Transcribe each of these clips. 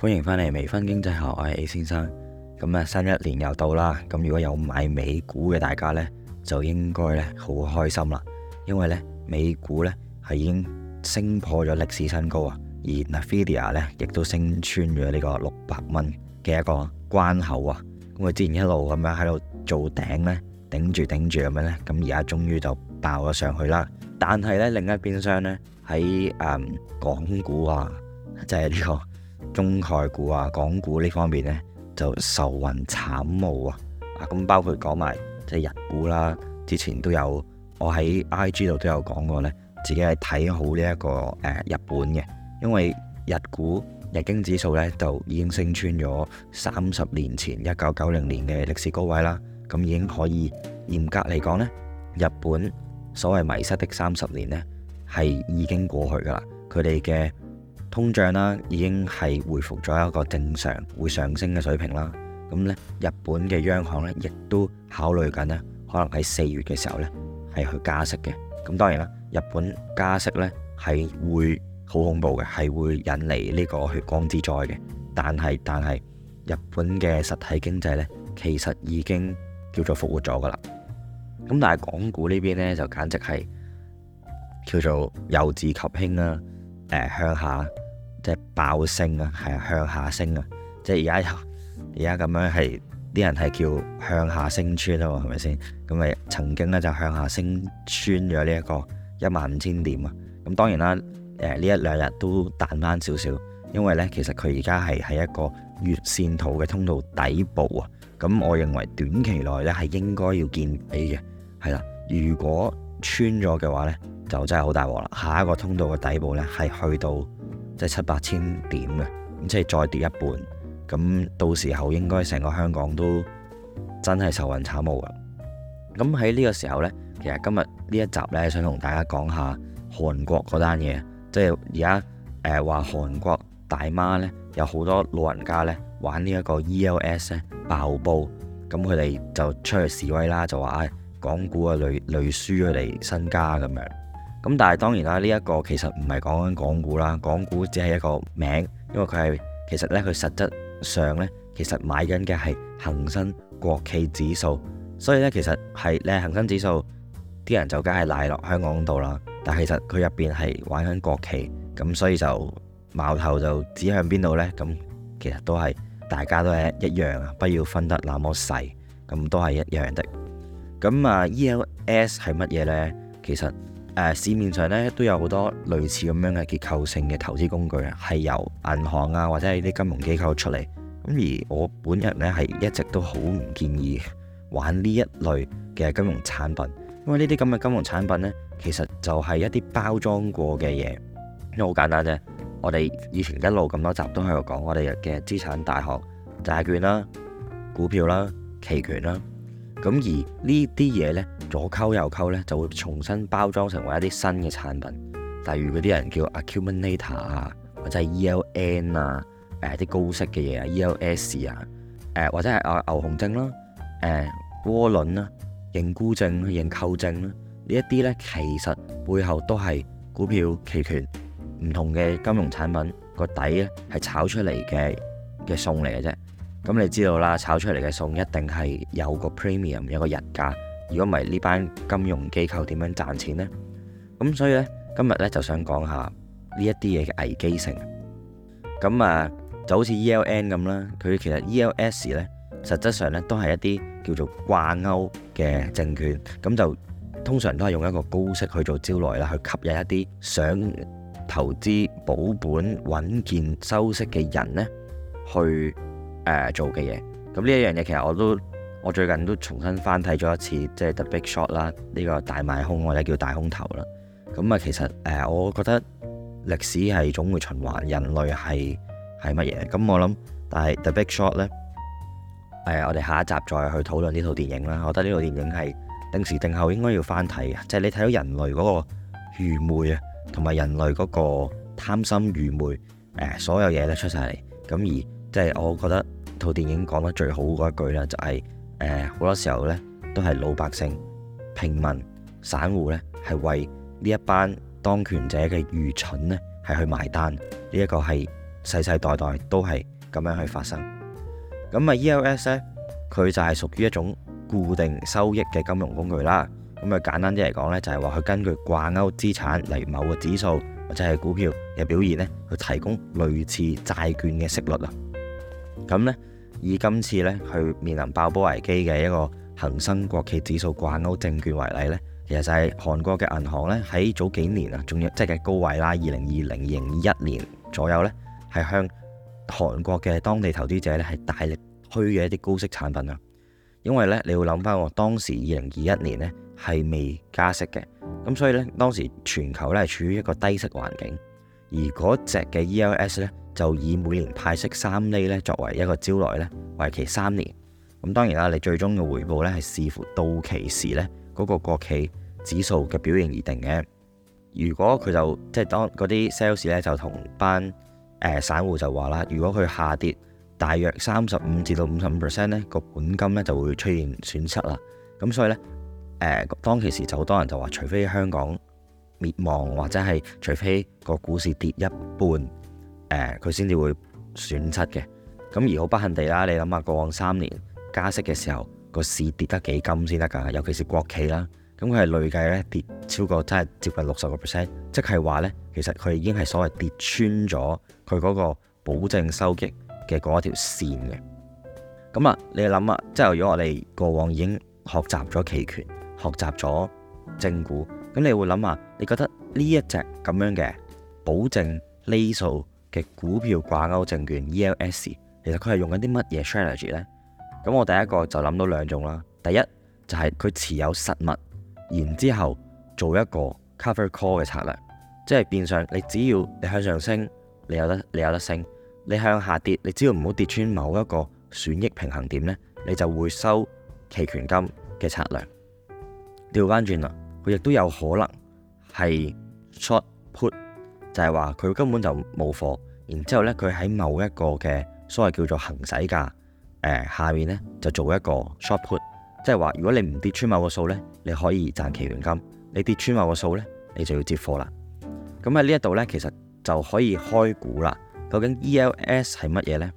歡迎翻嚟《微醺經濟學》，我係 A 先生。咁啊，新一年又到啦。咁如果有買美股嘅大家呢，就應該呢好開心啦，因為呢，美股呢係已經升破咗歷史新高啊。而 Nvidia 呢亦都升穿咗呢個六百蚊嘅一個關口啊。咁佢之前一路咁樣喺度做頂呢，頂住頂住咁樣呢，咁而家終於就爆咗上去啦。但係呢，另一邊廂呢，喺、嗯、港股啊，即係呢個。中概股啊、港股呢方面呢，就愁雲慘霧啊！啊，咁包括講埋即係日股啦，之前都有我喺 IG 度都有講過呢，自己係睇好呢、這、一個誒、呃、日本嘅，因為日股日經指數呢，就已經升穿咗三十年前一九九零年嘅歷史高位啦，咁已經可以嚴格嚟講呢，日本所謂迷失的三十年呢，係已經過去㗎喇，佢哋嘅。通脹啦，已經係回復咗一個正常會上升嘅水平啦。咁呢，日本嘅央行呢，亦都考慮緊呢，可能喺四月嘅時候呢，係去加息嘅。咁當然啦，日本加息呢，係會好恐怖嘅，係會引嚟呢個血光之災嘅。但係但係，日本嘅實體經濟呢，其實已經叫做復活咗㗎喇。咁但係港股呢邊呢，就簡直係叫做由治及興啦。誒，向下即係爆升啊，係向下升啊，即係而家而家咁樣係啲人係叫向下升穿啊嘛，係咪先？咁啊，曾經咧就向下升穿咗呢一個一萬五千點啊。咁當然啦，誒呢一兩日都彈翻少少，因為咧其實佢而家係喺一個月線圖嘅通道底部啊。咁我認為短期內咧係應該要見底嘅，係啦。如果穿咗嘅話呢，就真係好大鑊啦！下一個通道嘅底部呢，係去到即係七八千點嘅，咁即係再跌一半，咁到時候應該成個香港都真係愁雲慘霧啦！咁喺呢個時候呢，其實今日呢一集呢，想同大家講下韓國嗰單嘢，即係而家誒話韓國大媽呢，有好多老人家呢，玩呢一個 ELS 呢爆煲，咁佢哋就出去示威啦，就話誒。港股啊，累累輸佢哋身家咁樣。咁但係當然啦，呢、這、一個其實唔係講緊港股啦，港股只係一個名，因為佢係其實呢，佢實質上呢，其實買緊嘅係恒生國企指數。所以呢，其實係你恒生指數，啲人就梗係賴落香港度啦。但係其實佢入邊係玩緊國企，咁所以就矛頭就指向邊度呢？咁其實都係大家都係一樣啊，不要分得那麼細，咁都係一樣的。咁啊，ELS 係乜嘢呢？其實誒，市面上咧都有好多類似咁樣嘅結構性嘅投資工具啊，係由銀行啊或者係啲金融機構出嚟。咁而我本人咧係一直都好唔建議玩呢一類嘅金融產品，因為呢啲咁嘅金融產品呢，其實就係一啲包裝過嘅嘢。因為好簡單啫，我哋以前一路咁多集都喺度講我哋嘅資產大學、債券啦、股票啦、期權啦。咁而呢啲嘢呢，左溝右溝呢，就會重新包裝成為一啲新嘅產品。例如嗰啲人叫 Accumulator 啊，或者係 ELN 啊，誒、呃、啲高息嘅嘢啊，ELS 啊，誒、呃、或者係牛熊證啦、啊，誒窩輪啦，認沽證、認購證啦，呢、啊、一啲呢，其實背後都係股票、期權、唔同嘅金融產品個底呢，係炒出嚟嘅嘅餸嚟嘅啫。咁你知道啦，炒出嚟嘅餸一定係有個 premium，有個溢價。如果唔係呢班金融機構點樣賺錢呢？咁所以呢，今日呢就想講下呢一啲嘢嘅危機性。咁啊，就好似 ELN 咁啦，佢其實 ELS 呢，實質上呢都係一啲叫做掛鈎嘅證券。咁就通常都係用一個高息去做招來啦，去吸引一啲想投資保本穩健收息嘅人呢去。誒做嘅嘢，咁呢一樣嘢其實我都我最近都重新翻睇咗一次，即係 The Big Short 啦，呢個大賣空或者叫大空頭啦。咁啊，其實誒，我覺得歷史係總會循環，人類係係乜嘢？咁我諗，但係 The Big Short 呢，我哋下一集再去討論呢套電影啦。我覺得呢套電影係定時定候應該要翻睇嘅，即係你睇到人類嗰個愚昧啊，同埋人類嗰個貪心愚昧誒，所有嘢咧出晒嚟，咁而即係我覺得。套電影講得最好嗰一句咧，就係、是、誒，好、呃、多時候呢都係老百姓、平民、散戶呢係為呢一班當權者嘅愚蠢呢係去埋單。呢、這、一個係世世代代都係咁樣去發生。咁啊，ELS 呢，佢就係屬於一種固定收益嘅金融工具啦。咁啊，簡單啲嚟講呢，就係話佢根據掛鈎資產例如某個指數或者係股票嘅表現呢，去提供類似債券嘅息率啊。咁呢，以今次呢去面臨爆煲危機嘅一個恒生國企指數掛鈎證券為例呢，其實就係韓國嘅銀行呢，喺早幾年啊，仲有即係高位啦，二零二零二零二一年左右呢，係向韓國嘅當地投資者呢係大力推嘅一啲高息產品啊。因為呢，你要諗翻我當時二零二一年呢係未加息嘅，咁所以呢，當時全球呢係處於一個低息環境，而嗰隻嘅 ELS 呢。就以每年派息三厘咧，作為一個招來咧，為期三年。咁當然啦，你最終嘅回報咧係視乎到期時咧嗰個國企指數嘅表現而定嘅。如果佢就即係當嗰啲 sales 咧就同班誒散、呃、戶就話啦，如果佢下跌大約三十五至到五十五 percent 咧，個本金咧就會出現損失啦。咁所以咧，誒、呃、當其時就好多人就話，除非香港滅亡或者係除非個股市跌一半。誒佢先至會損失嘅，咁而好不幸地啦，你諗下過往三年加息嘅時候，個市跌得幾金先得㗎？尤其是國企啦，咁佢係累計咧跌超過，超過即係接近六十個 percent，即係話咧，其實佢已經係所謂跌穿咗佢嗰個保證收益嘅嗰一條線嘅。咁啊，你諗下，即係如果我哋過往已經學習咗期權、學習咗正股，咁你會諗下，你覺得呢一隻咁樣嘅保證釐數？股票掛鈎證券 ELS，其實佢係用緊啲乜嘢 strategy 呢？咁我第一個就諗到兩種啦。第一就係佢持有實物，然之後做一個 cover call 嘅策略，即係變相你只要你向上升，你有得你有得升；你向下跌，你只要唔好跌穿某一個損益平衡點呢，你就會收期權金嘅策略。調翻轉啦，佢亦都有可能係 short put，就係話佢根本就冇貨。然之後咧，佢喺某一個嘅所謂叫做行使價，誒、呃、下面咧就做一個 short put，即係話如果你唔跌穿某個數咧，你可以賺期權金；你跌穿某個數咧，你就要接貨啦。咁喺呢一度咧，其實就可以開估啦。究竟 E L S 係乜嘢咧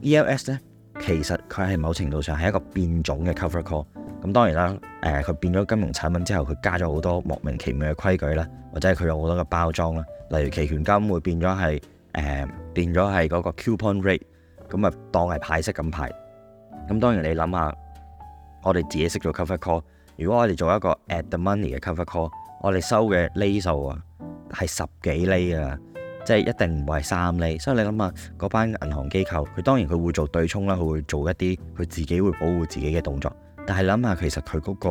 ？E L S 咧，其實佢係某程度上係一個變種嘅 cover call。咁當然啦，誒、呃、佢變咗金融產品之後，佢加咗好多莫名其妙嘅規矩啦，或者係佢有好多嘅包裝啦，例如期權金會變咗係，誒變咗係嗰個 coupon rate，咁啊當係派息咁派。咁當然你諗下，我哋自己識做 cover call，如果我哋做一個 at the money 嘅 cover call，我哋收嘅厘數啊係十幾厘啊，即係一定唔會係三厘。所以你諗下，嗰班銀行機構，佢當然佢會做對沖啦，佢會做一啲佢自己會保護自己嘅動作。但係諗下其實佢嗰個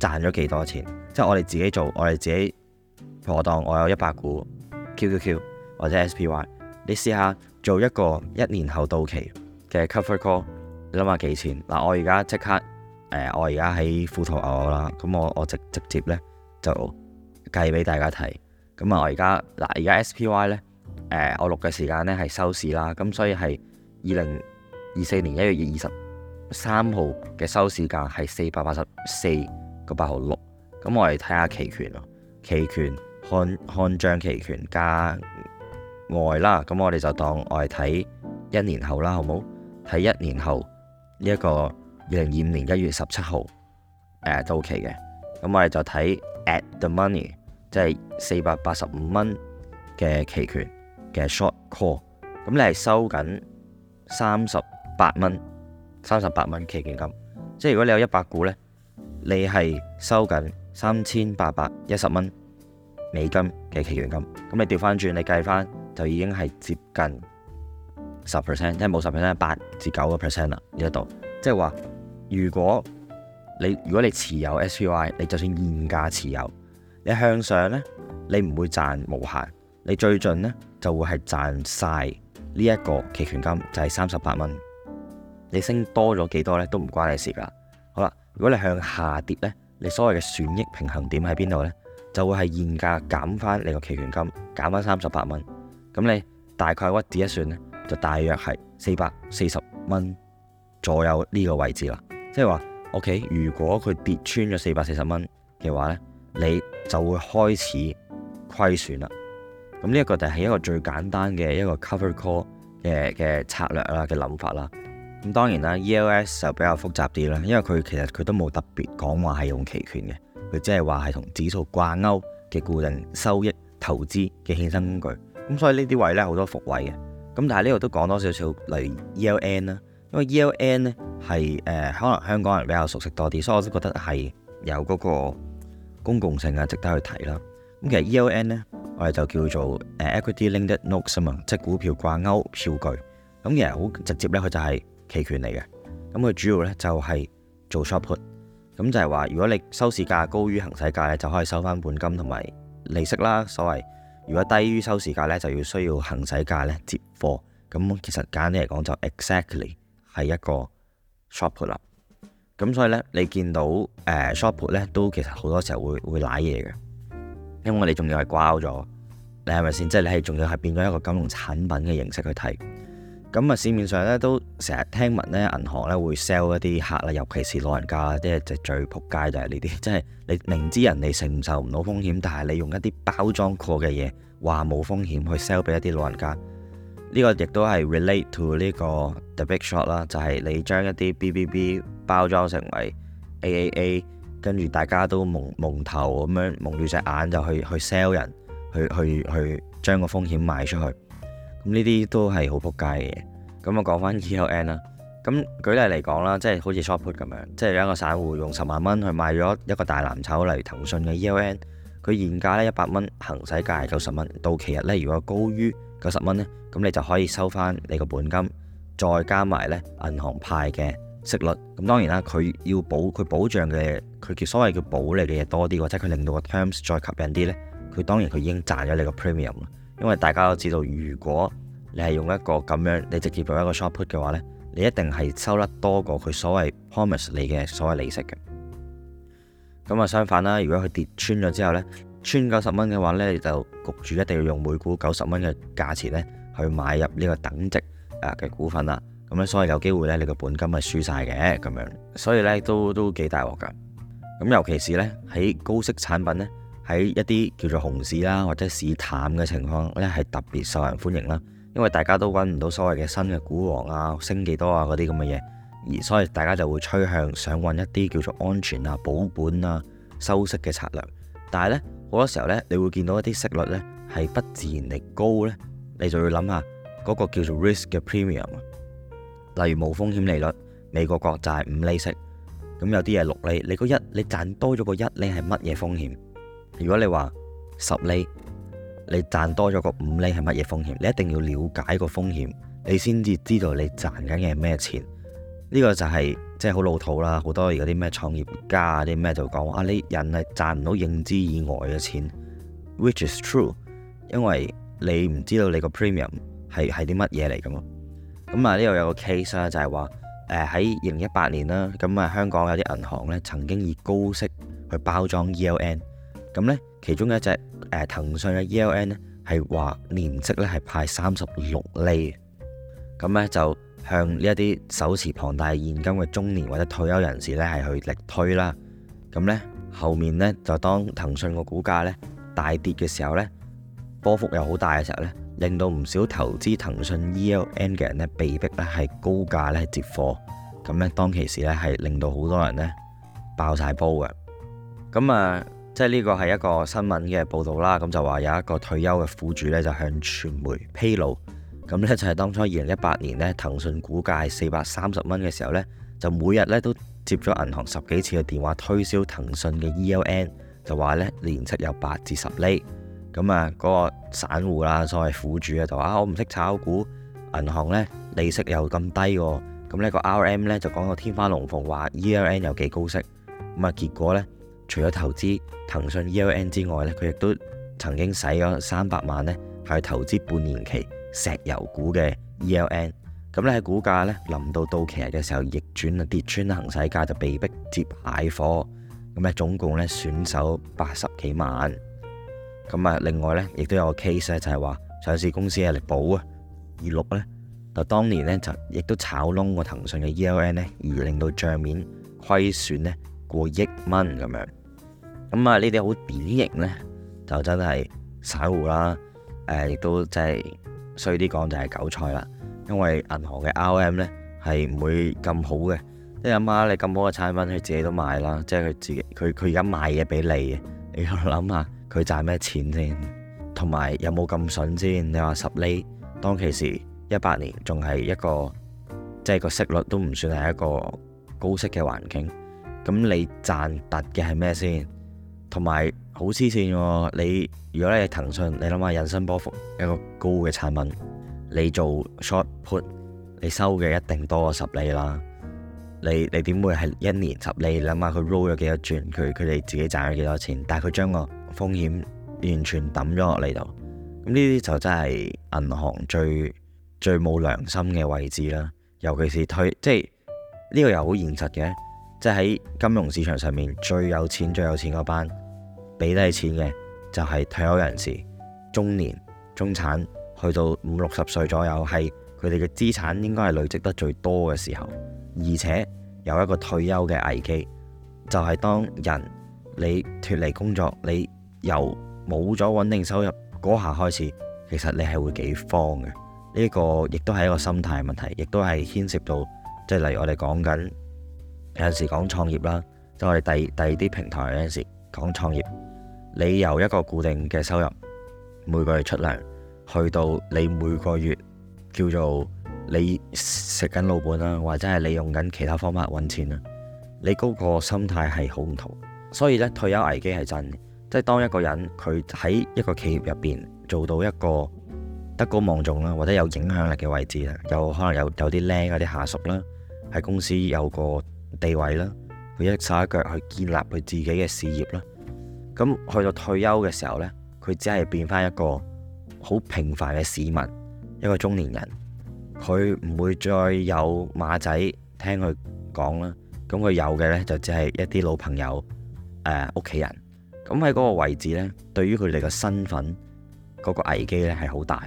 賺咗幾多錢？即係我哋自己做，我哋自己妥當我有一百股 QQQ。Q Q Q，或者 SPY，你試下做一個一年後到期嘅 Cover Call，你諗下幾錢？嗱，我而家即刻誒，我而家喺富途牛牛啦，咁我我直直接咧就計俾大家睇。咁啊，我而、呃、家嗱，而家 SPY 咧誒，我錄嘅時間咧係收市啦，咁所以係二零二四年一月二十三號嘅收市價係四百八十四個八毫六。咁我嚟睇下期權咯，期權看看漲期權加。外啦，咁我哋就當外睇一年後啦，好唔好？睇一年後呢一個二零二五年一月十七號到期嘅，咁我哋就睇 at the money，即係四百八十五蚊嘅期權嘅 short call，咁你係收緊三十八蚊，三十八蚊期權金，即係如果你有一百股呢，你係收緊三千八百一十蚊美金嘅期權金，咁你調翻轉，你計翻。就已經係接近十 percent，即係冇十 percent，八至九個 percent 啦。呢一度即係話，如果你如果你持有 SPY，你就算現價持有，你向上呢，你唔會賺無限，你最盡呢就會係賺晒呢一個期權金，就係三十八蚊。你升多咗幾多呢都唔關你事噶。好啦，如果你向下跌呢，你所謂嘅損益平衡點喺邊度呢？就會係現價減翻你個期權金，減翻三十八蚊。咁你大概屈指一算咧，就大約係四百四十蚊左右呢個位置啦。即係話，OK，如果佢跌穿咗四百四十蚊嘅話呢，你就會開始虧損啦。咁呢一個就係一個最簡單嘅一個 Cover Call 嘅嘅策略啦嘅諗法啦。咁當然啦，ELS 就比較複雜啲啦，因為佢其實佢都冇特別講話係用期權嘅，佢只係話係同指數掛鈎嘅固定收益投資嘅衍生工具。咁所以呢啲位咧，好多伏位嘅。咁但係呢度都講多少少，例如 ELN 啦，因為 ELN 呢係誒可能香港人比較熟悉多啲，所以我都覺得係有嗰個公共性啊，值得去睇啦。咁其實 ELN 呢，我哋就叫做 Equity Linked Notes 啊嘛，es，即係股票掛鈎票據，咁其實好直接呢，佢就係期權嚟嘅，咁佢主要呢，就係、是、做 short put，咁就係話如果你收市價高於行使價咧，就可以收返本金同埋利息啦，所謂。如果低於收市價咧，就要需要行使價咧接貨。咁其實簡單嚟講，就 exactly 係一個 short put 啦。咁所以咧，你見到誒、呃、short put 咧，都其實好多時候會會攋嘢嘅，因為我哋仲要係掛咗。你係咪先？即係你係仲要係變咗一個金融產品嘅形式去睇。咁啊，市面上咧都成日聽聞咧，銀行咧會 sell 一啲客啦，尤其是老人家，即係最最撲街就係呢啲，即係你明知人哋承受唔到風險，但係你用一啲包裝過嘅嘢，話冇風險去 sell 俾一啲老人家。呢個亦都係 relate to 呢個 The Big Short 啦，就係你將一啲 BBB 包裝成為 AAA，跟住大家都蒙蒙頭咁樣蒙住隻眼就去去 sell 人，去去去，去將個風險賣出去。呢啲都係好撲街嘅。咁我講翻 ELN 啦。咁舉例嚟講啦，即係好似 short put 咁樣，即係一個散戶用十萬蚊去買咗一個大藍籌，例如騰訊嘅 ELN，佢現價呢一百蚊，行使價係九十蚊。到期日呢如果高於九十蚊呢，咁你就可以收翻你個本金，再加埋呢銀行派嘅息率。咁當然啦、啊，佢要保佢保障嘅，佢叫所謂叫保利嘅嘢多啲，或者佢令到個 terms 再吸引啲呢。佢當然佢已經賺咗你個 premium 啦。因為大家都知道，如果你係用一個咁樣，你直接用一個 short put 嘅話呢，你一定係收得多過佢所謂 promise 你嘅所謂利息嘅。咁啊，相反啦，如果佢跌穿咗之後呢，穿九十蚊嘅話，你就焗住一定要用每股九十蚊嘅價錢呢去買入呢個等值嘅股份啦。咁咧，所以有機會呢，你個本金係輸晒嘅咁樣。所以呢，都都幾大鑊㗎。咁尤其是呢，喺高息產品呢。喺一啲叫做熊市啦、啊，或者市淡嘅情況呢係特別受人歡迎啦。因為大家都揾唔到所謂嘅新嘅股王啊，升幾多啊嗰啲咁嘅嘢，而所以大家就會趨向想揾一啲叫做安全啊、保本啊、收息嘅策略。但係呢，好多時候呢，你會見到一啲息率呢係不自然地高呢，你就要諗下嗰、嗰個叫做 risk 嘅 premium。例如冇風險利率美國國債五厘息，咁有啲嘢六厘，你嗰一你賺多咗個一，你係乜嘢風險？如果你話十厘，你賺多咗個五厘係乜嘢風險？你一定要了解個風險，你先至知道你賺緊嘅係咩錢。呢、這個就係、是、即係好老土啦。好多而家啲咩創業家啲咩就講啊，你人係賺唔到認知以外嘅錢，which is true，因為你唔知道你個 premium 係係啲乜嘢嚟㗎嘛。咁、嗯、啊，呢度有個 case 啦，就係話誒喺二零一八年啦，咁啊香港有啲銀行咧曾經以高息去包裝 ELN。咁咧，其中嘅一隻誒騰訊嘅 ELN 咧係話年息咧係派三十六厘，咁咧就向呢一啲手持龐大現金嘅中年或者退休人士咧係去力推啦。咁咧後面咧就當騰訊個股價咧大跌嘅時候咧，波幅又好大嘅時候咧，令到唔少投資騰訊 ELN 嘅人咧被逼咧係高價咧接貨，咁咧當其時咧係令到好多人咧爆晒煲嘅。咁啊～即係呢個係一個新聞嘅報導啦，咁就話有一個退休嘅苦主咧，就向傳媒披露，咁咧就係當初二零一八年咧，騰訊股價係四百三十蚊嘅時候咧，就每日咧都接咗銀行十幾次嘅電話推銷騰訊嘅 ELN，就話咧年息有八至十厘，咁啊嗰個散戶啦，所謂苦主啊，就話啊。我唔識炒股，銀行咧利息又咁低喎，咁、那、呢個 R M 咧就講到天花龍鳳話 ELN 有幾高息，咁啊結果咧。除咗投資騰訊 ELN 之外咧，佢亦都曾經使咗三百萬咧，係投資半年期石油股嘅 ELN。咁咧喺股價咧臨到到期日嘅時候，逆轉啊，跌穿行使價就被迫接蟹貨。咁咧總共咧損手八十幾萬。咁啊，另外咧亦都有個 case 咧，就係話上市公司係力保啊二六咧，就當年咧就亦都炒燶過騰訊嘅 ELN 咧，而令到帳面虧損咧，個億蚊咁樣，咁啊呢啲好典型呢，就真係散戶啦。誒、呃，亦都真係衰啲講就係韭菜啦，因為銀行嘅 RM 呢，係唔會咁好嘅，即係阿媽你咁好嘅產品佢自己都買啦，即係佢自己佢佢而家賣嘢俾你，你要諗下佢賺咩錢先，同埋有冇咁筍先？你話十厘當其時一八年仲係一個即係個息率都唔算係一個高息嘅環境。咁你賺突嘅係咩先？同埋好黐線喎！你如果你係騰訊，你諗下，引伸波幅一個高嘅產品，你做 short put，你收嘅一定多過十釐啦。你你點會係一年十釐？你諗下佢 roll 咗幾多轉，佢佢哋自己賺咗幾多錢？但係佢將個風險完全抌咗落嚟度。咁呢啲就真係銀行最最冇良心嘅位置啦。尤其是推即係呢個又好現實嘅。即喺金融市場上面最有錢最有錢嗰班俾得起錢嘅，就係退休人士、中年、中產去到五六十歲左右，係佢哋嘅資產應該係累積得最多嘅時候。而且有一個退休嘅危機，就係當人你脫離工作，你由冇咗穩定收入嗰下開始，其實你係會幾慌嘅。呢個亦都係一個心態問題，亦都係牽涉到，即係例如我哋講緊。有陣時講創業啦，就係第第二啲平台有陣時講創業。你由一個固定嘅收入，每個月出糧，去到你每個月叫做你食緊老本啦，或者係你用緊其他方法揾錢啦。你嗰個心態係好唔同，所以呢，退休危機係真嘅，即係當一個人佢喺一個企業入邊做到一個德高望重啦，或者有影響力嘅位置啦，有可能有有啲靚嗰啲下屬啦，喺公司有個地位啦，佢一手一腳去建立佢自己嘅事業啦。咁去到退休嘅時候呢，佢只係變翻一個好平凡嘅市民，一個中年人。佢唔會再有馬仔聽佢講啦。咁佢有嘅呢，就只係一啲老朋友、呃、屋企人。咁喺嗰個位置呢，對於佢哋嘅身份嗰個危機呢，係好大。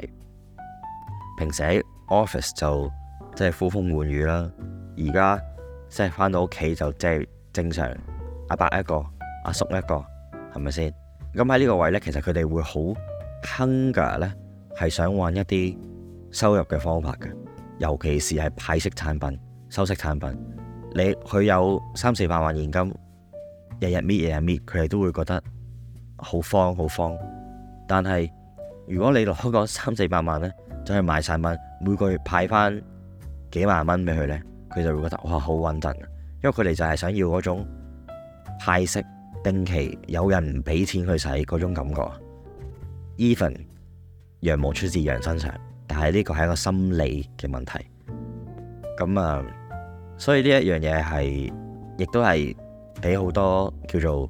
平時喺 office 就即係呼風喚雨啦，而家。即係翻到屋企就即係正常，阿伯一個，阿叔一個，係咪先？咁喺呢個位呢，其實佢哋會好 hunger 咧，係想揾一啲收入嘅方法嘅，尤其是係派息產品、收息產品。你佢有三四百萬現金，日日搣，日日搣，佢哋都會覺得好慌，好慌。但係如果你攞個三四百萬呢，就去買晒嘢，每個月派翻幾萬蚊俾佢呢。佢就會覺得哇，好穩陣，因為佢哋就係想要嗰種派息定期有人唔俾錢去使嗰種感覺。Even 羊毛出自羊身上，但係呢個係一個心理嘅問題。咁啊，所以呢一樣嘢係亦都係俾好多叫做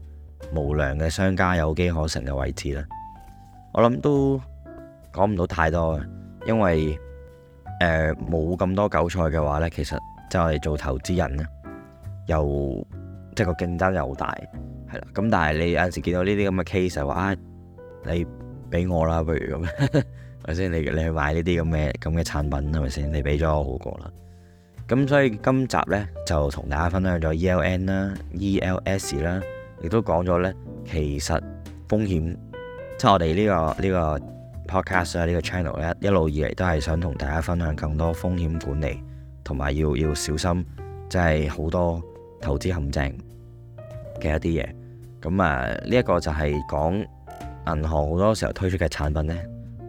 無良嘅商家有機可乘嘅位置啦。我諗都講唔到太多啊，因為誒冇咁多韭菜嘅話呢，其實。就係做投資人咧，又即係個競爭又大，係啦。咁但係你有陣時見到呢啲咁嘅 case 就話啊，你俾我啦，不如咁，係咪先？你你去買呢啲咁嘅咁嘅產品係咪先？你俾咗我好過啦。咁所以今集呢，就同大家分享咗 ELN 啦、ELS 啦，亦都講咗呢，其實風險即係我哋呢個呢個 podcast 啊呢個 channel 呢，一路以嚟都係想同大家分享更多風險管理。同埋要要小心，即係好多投資陷阱嘅一啲嘢。咁啊，呢一個就係講銀行好多時候推出嘅產品呢，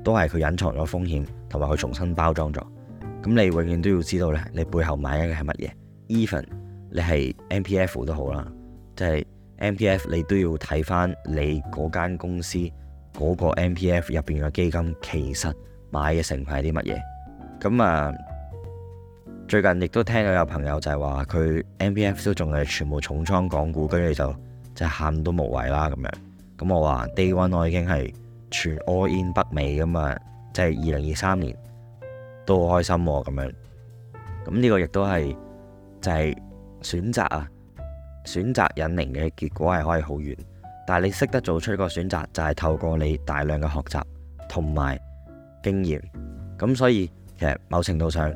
都係佢隱藏咗風險，同埋佢重新包裝咗。咁你永遠都要知道呢，你背後買緊嘅係乜嘢。Even 你係 M P F 都好啦，即係 M P F 你都要睇翻你嗰間公司嗰個 M P F 入邊嘅基金，其實買嘅成分係啲乜嘢。咁啊～最近亦都聽到有朋友就係話佢 MPF 都仲係全部重倉港股，跟住就就喊到無謂啦咁樣。咁我話 Day One 我已經係全 all in 北美咁、就是、啊，即係二零二三年都好開心咁樣。咁呢個亦都係就係、是、選擇啊，選擇引領嘅結果係可以好遠，但係你識得做出個選擇就係透過你大量嘅學習同埋經驗。咁所以其實某程度上。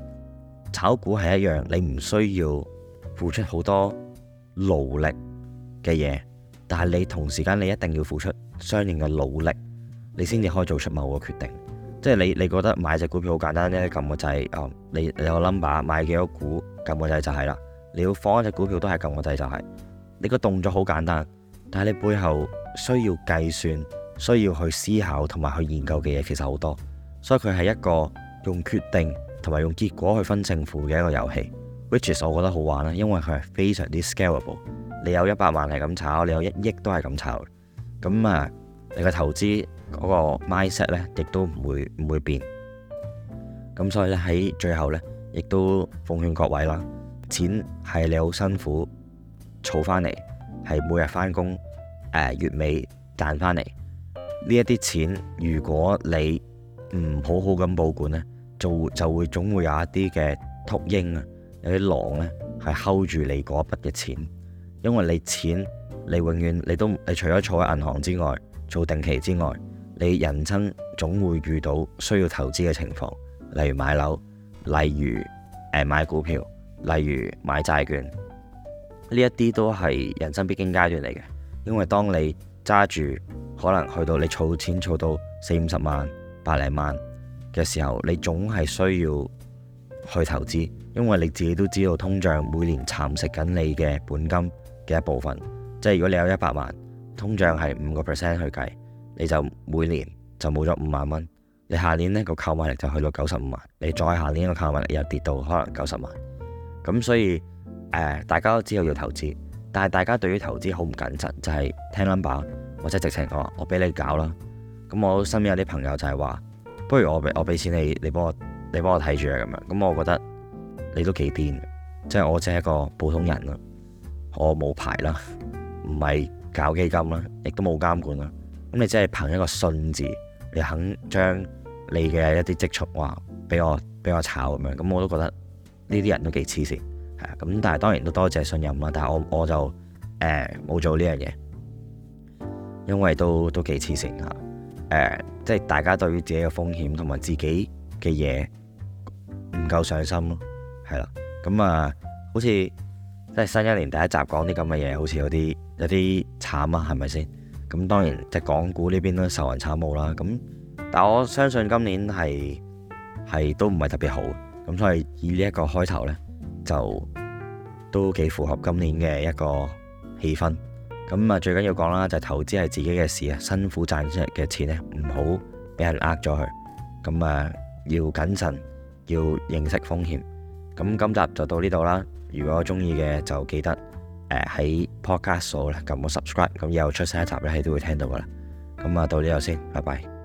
炒股係一樣，你唔需要付出好多勞力嘅嘢，但係你同時間你一定要付出相應嘅努力，你先至可以做出某個決定。即係你，你覺得買隻股票好簡單咧，撳個掣，哦，你有個 number，買幾多股，撳個掣就係啦。你要放一隻股票都係撳個掣就係，你個動作好簡單，但係你背後需要計算、需要去思考同埋去研究嘅嘢其實好多，所以佢係一個用決定。同埋用結果去分勝負嘅一個遊戲，which is 我覺得好玩啦，因為佢係非常之 scalable。你有一百萬係咁炒，你有一億都係咁炒。咁啊，你嘅投資嗰個 mindset 咧，亦都唔會唔會變。咁所以咧，喺最後咧，亦都奉勸各位啦，錢係你好辛苦儲翻嚟，係每日翻工誒，月尾賺翻嚟呢一啲錢，如果你唔好好咁保管呢。就就會總會有一啲嘅禿鷹啊，有啲狼咧係睺住你嗰筆嘅錢，因為你錢你永遠你都你除咗儲喺銀行之外做定期之外，你人生總會遇到需要投資嘅情況，例如買樓，例如誒、呃、買股票，例如買債券，呢一啲都係人生必經階段嚟嘅。因為當你揸住可能去到你儲錢儲到四五十萬、百零萬嘅時候，你總係需要去投資，因為你自己都知道通脹每年蠶食緊你嘅本金嘅一部分。即係如果你有一百萬，通脹係五個 percent 去計，你就每年就冇咗五萬蚊。你下年呢個購買力就去到九十五萬，你再下年個購買力又跌到可能九十萬。咁所以誒、呃，大家都知道要投資，但係大家對於投資好唔緊張，就係、是、聽 number 或者直情我我俾你搞啦。咁我身邊有啲朋友就係話。不如我俾我俾錢你，你幫我你幫我睇住啊咁樣。咁我覺得你都幾癲，即係我只係一個普通人咯，我冇牌啦，唔係搞基金啦，亦都冇監管啦。咁你只係憑一個信字，你肯將你嘅一啲積蓄話俾我俾我炒咁樣，咁我都覺得呢啲人都幾黐線，係啊。咁但係當然都多謝信任啦，但係我我就誒冇、呃、做呢樣嘢，因為都都幾黐線嚇誒。呃即係大家對於自己嘅風險同埋自己嘅嘢唔夠上心咯，係啦，咁啊，好似即係新一年第一集講啲咁嘅嘢，好似有啲有啲慘啊，係咪先？咁當然即係港股呢邊都受人慘無啦，咁但我相信今年係係都唔係特別好，咁所以以呢一個開頭呢，就都幾符合今年嘅一個氣氛。咁啊，最緊要講啦，就係投資係自己嘅事啊，辛苦賺出嚟嘅錢咧，唔好俾人呃咗佢。咁啊，要謹慎，要認識風險。咁今集就到呢度啦。如果中意嘅就記得誒喺 Podcast 度喇撳我，我 subscribe，咁以後出新一集咧你都會聽到噶啦。咁啊，到呢度先，拜拜。